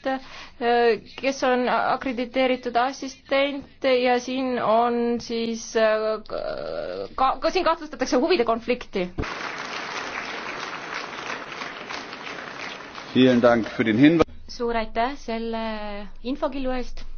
Eh, kes on akrediteeritud assistent ja siin on siis eh, ka, ka siin kahtlustatakse huvide konflikti. suur aitäh selle infokillu eest